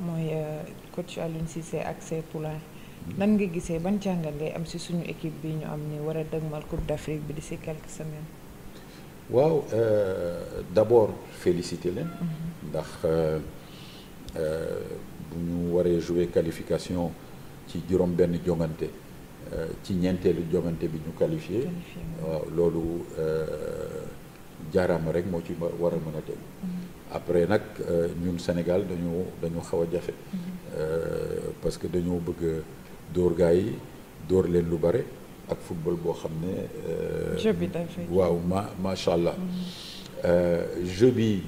mooy euh, coach Alioune Cissé ak ses poulains nan nga gisee ban jàngat ngay am ci suñu équipe bi ñu am ni war a dëgmal Coupe d'Afrique bi d'ici quelques semaine waaw euh, d'abord féliciter leen. Mm-hmm. ndax euh, bu ñu waree jouer qualification ci juróom-benn jongante ci ñeenteelu jongante bi ñu qualifié. waaw loolu jaaraama rek moo ci war a mën a tegu. Mm-hmm. après nag euh, ñun Sénégal dañu dañu xaw a jafe euh, parce que dañoo bëgg dóor gaa yi dóor leen lu bare ak football boo xam ne. Euh, jeu bi waaw ma macha allah. Mm-hmm. jeu bi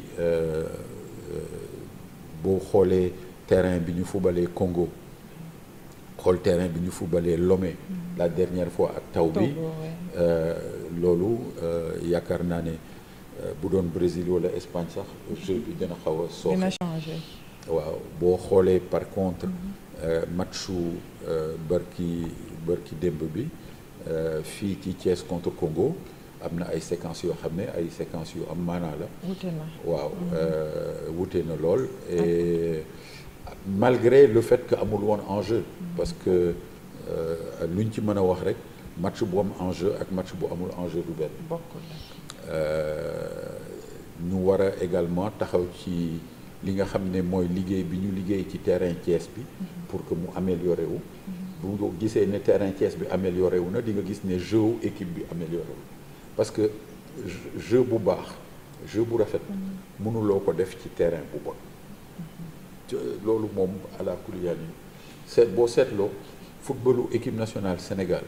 boo xoolee terrain bi ñu fubalee Congo xool terrain bi ñu fubalee lome mm-hmm. la dernière fois ak taw bi. loolu yaakaar naa ne. Euh, bu doon Brésil wala Espagne sax jeu bi dina xaw a sooxe dina changé waaw boo xoolee par contre mhm. euh, matchu bër euh, bërki démb bi fii ci Thiès contre Congo am na ay séquences yoo xam ne ay séquence yu am maanaa la waaw mhm. wutee na lool et malgré le fait que amul woon enjeu mhm. parce que luñ ci mën a wax rek match bu am enjeu ak match bu amul enjeu du benn Euh, ñu war a également taxaw ci li nga xam ne mooy liggéey bi ñu liggéey ci terrain Thiès bi mm-hmm. pour que mu amélioré wu mm-hmm. bu nga gisee ne terrain Thiès bi amélioré wu na di nga gis ne jeu équipe bi amélioré wu parce que jeu bu baax jeu bu rafet mm-hmm. mënuloo ko def ci terrain bu bon euh, loolu moom àla kuliyaan yi seet boo seetloo footballu équipe nationale Sénégal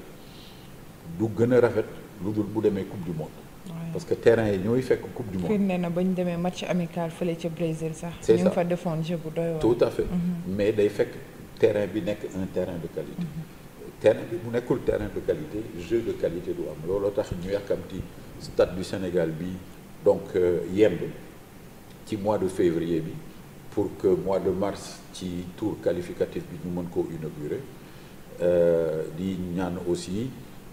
du gën a rafet lu dul bu demee coupe du monde parce que terrain yi ñooy fekk coupe du monde. firnde na ba ñu demee match amical fële ca Brésil sax. c' est ça tout à fait mhm. mais day fekk terrain bi nekk un terrain de qualité. Mhm. terrain bi mu nekkul terrain de qualité jeu de qualité du am looloo tax ñu yàkkamti stade du Sénégal bi donc euh, yemb ci mois de février bi pour que mois de mars ci tour qualificatif bi ñu mën koo inaugurer euh, di ñaan aussi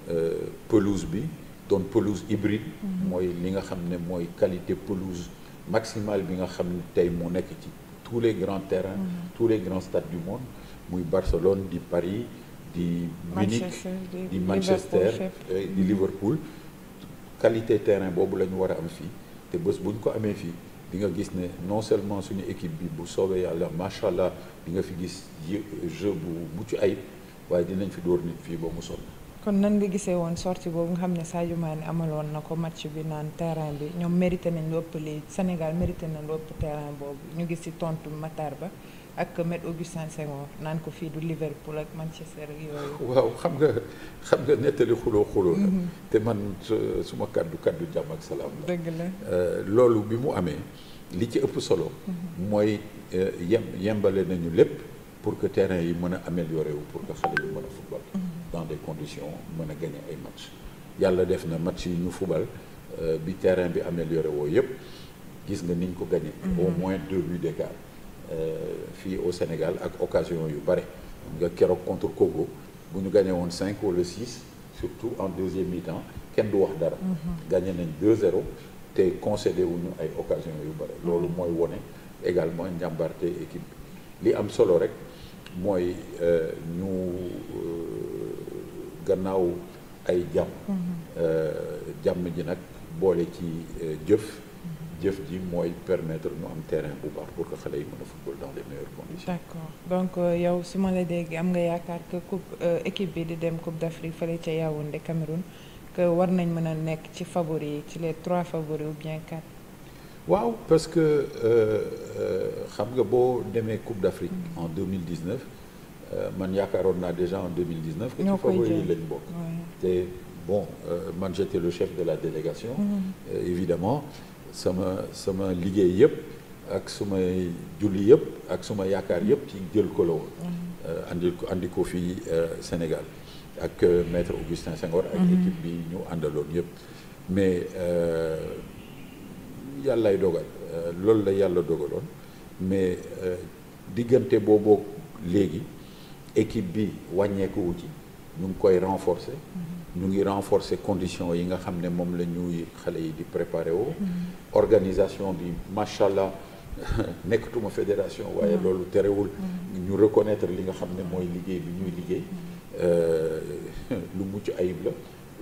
euh, pelouse bi. doon pelouse hybride mhm. mooy li nga xam ne mooy qualité pelouse maximale bi nga xam ne tey moo nekk ci tous les grands terrains mhm. tous les grands stades du monde muy Barcelone di Paris di Munich di Manchester eh, di Liverpool qualité terrain boobu la ñu war a am fii te bés bu ñu ko amee fii di nga gis ne non seulement suñu équipe bi bu soobee yàlla macha allah di nga fi gis jeu bu mucc ayib waaye dinañ fi dóor nit fii ba mu sonn kon nan nga gisee woon sortie boobu nga xam ne Sadio Mané amaloon na ko match bi naan terrain bi ñoom mérité nañ lu ëpp lii Sénégal mérité nañ lu ëpp terrain boobu ñu gis ci tontu Matar Ba ak Me Augustin Senghor naan ko fii du Liverpool ak Manchester yooyu. waaw xam nga xam nga nettali xuloo xuloo la. Mm-hmm. te man suma kàddu kàddu jàmm ak salaam la. dëgg la euh, loolu bi mu amee li ci ëpp solo. Mm-hmm. mooy euh, yem yembale nañu lépp pour que terrain yi mën a améliorer wu pour que dans de conditions mën a gagné ay match yàlla def na match yi ñu fubal euh, bi terrain bi amélioré woo yëpp gis nga niñ ko gagné. Mm-hmm. au moins deux buts d'écart euh, fii au Sénégal ak occasion yu bare nga keroog contre Congo bu ñu gagné woon cinq wala six surtout en deuxième mi kenn du wax dara. Mm-hmm. gagné nañ 2-0 te concédé wuñu ay occasion yu bare. loolu mm-hmm. mooy wone également njàmbarte équipe li am solo rek mooy euh, ñu. gannaaw ay jàmm mm-hmm. euh, jàmm ji nag boole ci euh, jëf mm-hmm. jëf ji mooy permettre ñu am terrain bu baax pour que xale yi mën a football dans les meilleures conditions. donc euh, yow su ma la déggee am nga yaakaar que coupe équipe bi di dem coupe d'Afrique fële ca Yaoundé Cameroun que war nañ mën a nekk ci favori yi ci les trois favoris ou bien quatre. waaw parce que xam nga boo demee coupe d'Afrique mm-hmm. en Euh, man yaakaaroon naa déjà en 2019 que ci favori yi lañ bokk te bon euh, man j'étais le chef de la délégation mm-hmm. euh, évidemment sama sama liggéey yëpp ak sumay julli yëpp ak suma yaakaar yëpp ci jël ko la woon mm-hmm. andi ko ko fii Sénégal ak maître Augustin Senghor ak mm-hmm. équipe bi ñu àndaloon yëpp mais yàllaay dogal loolu la yàlla dogaloon mais diggante booboo léegi équipe bi wàññeeku ci ñu ngi koy renforcer. Mm-hmm. ñu ngi renforcer conditions yi nga xam ne moom la ñuy xale yi di préparer woo. Mm-hmm. organisation bi macha allah nekkatuma fédération waaye mm-hmm. loolu terewul. ñu reconnaître li nga xam ne mooy liggéey bi ñuy liggéey euh, lu mucc ayib la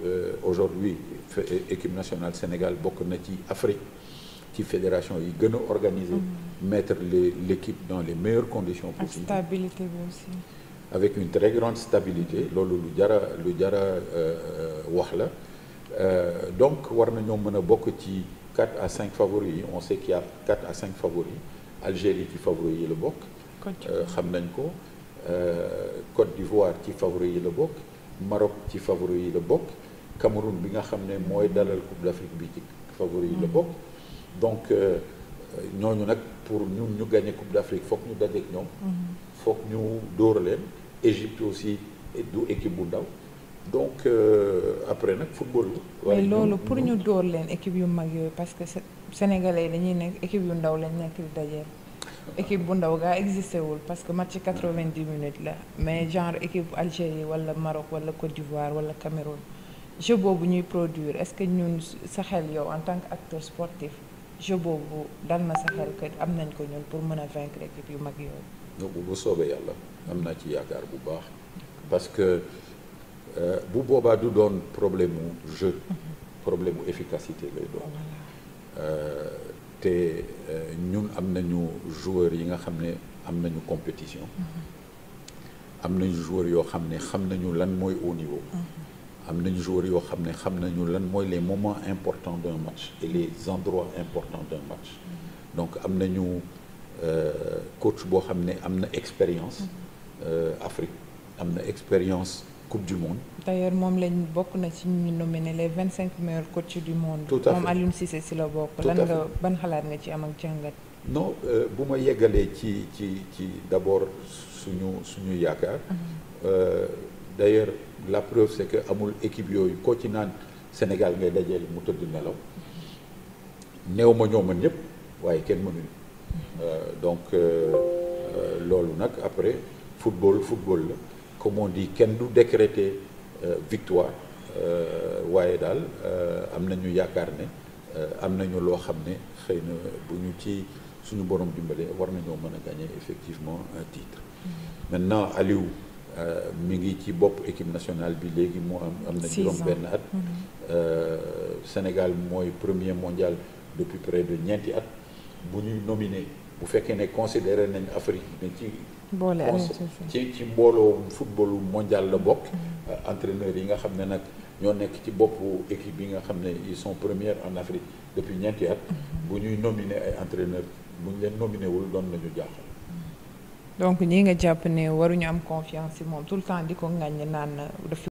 euh, aujourd'hui équipe nationale Sénégal bokk na ci Afrique ci fédération yi gën a organiser. mettre les l'équipe dans les meilleures conditions possibles. stabilité bi avec une très grande stabilité loolu lu jara lu jara euh, euh, wax la euh, donc war na ñoo mën a bokk ci 4 à 5 favoris yi on sait qu'il y a 4 à 5 Algérie ci favoris yi la bokk xam nañ ko Côte d'Ivoire ci favoris yi la bokk Maroc ci favoris yi la bokk Cameroun bi nga xam ne mooy dalal Coupe d'Afrique bi ci favoris yi la bokk donc ñooñu nag pour ñu gagné Coupe d'Afrique foog ñu dajeeg ñoom. Mm-hmm. foog ñu dóor leen Égypte aussi du équipe bu ndaw donc euh, après nag football la. waaye loolu pour ñu dóor leen équipe yu mag yooyu parce que sénégalais dañuy nekk équipe yu ndaw lañ nekk di dajeel. équipe bu ndaw gaa existé wul parce que match quatre-vingt-dix minutes la mais genre équipe Algérie wala Maroc wala Côte d'Ivoire wala Cameroun jeu boobu ñuy produire est-ce que ñun sa xel yow en tant qu acteur sportif. jeu boobu dal na sa xel que am nañ ko ñun pour mën a vaincre équipe yu mag yooyu. bu soobee yàlla am naa ci yaakaar bu baax parce que euh, bu boobaa du doon problème mu jeu. problème mu efficacité lay doon. Euh, te euh, ñun am nañu joueurs yi nga xam ne am nañu compétition. Mm-hmm. am nañu joueurs yoo xam ne xam nañu lan mooy haut niveau. Mm-hmm. am nañu joueurs yoo xam ne xam nañu lan mooy les moments importants d'un match et les endroits important d'un match donc am na nañu euh, coach boo xam ne am na expérience euh, Afrique am na expérience coupe du monde. d'ailleurs moom lañ bokk na ci ñu nommé ne les vingt cinq meilleurs coachs du monde. tout à si la bokk. lan nga ban xalaat nga ci am ak jàngat. non euh, bu ma yeggalee ci ci ci d'abord suñu suñu yaakaar. Mhm. d'ailleurs. la preuve c'est que amul équipe yooyu koo ci naan Sénégal ngay dajeel mu tëdd nelaw néew ma ñoo mën ñëpp waaye kenn mënuñu euh, donc euh, euh, loolu nag après football football la comme on kenn du décréter victoire waaye daal am nañu yaakaar ne am nañu loo xam ne xëy na bu ñu ci suñu borom dimbale war nañoo mën a gagner effectivement un titre mm-hmm. maintenant Aliou Euh, mu ngi ci bopp équipe nationale bi léegi moo am am na juróom benn at euh, Sénégal mooy premier mondial depuis près de ñeenti at bu ñuy nominé bu fekkee ne considéré nañ Afrique ne ci ci ci mbooloo football mondial la bokk mm-hmm. euh, entraîneurs yi nga xam ne nag ñoo nekk ci boppu équipe yi nga xam ne ils son premiers en Afrique depuis ñeenti at mm-hmm. bu ñuy nominé ay entraîneurs bu ñu leen nominé wul doon nañu jaaxal donc ñi nga jàpp ne waruñu am confiance ci moom tout le temps di ko ŋàññ naan dafa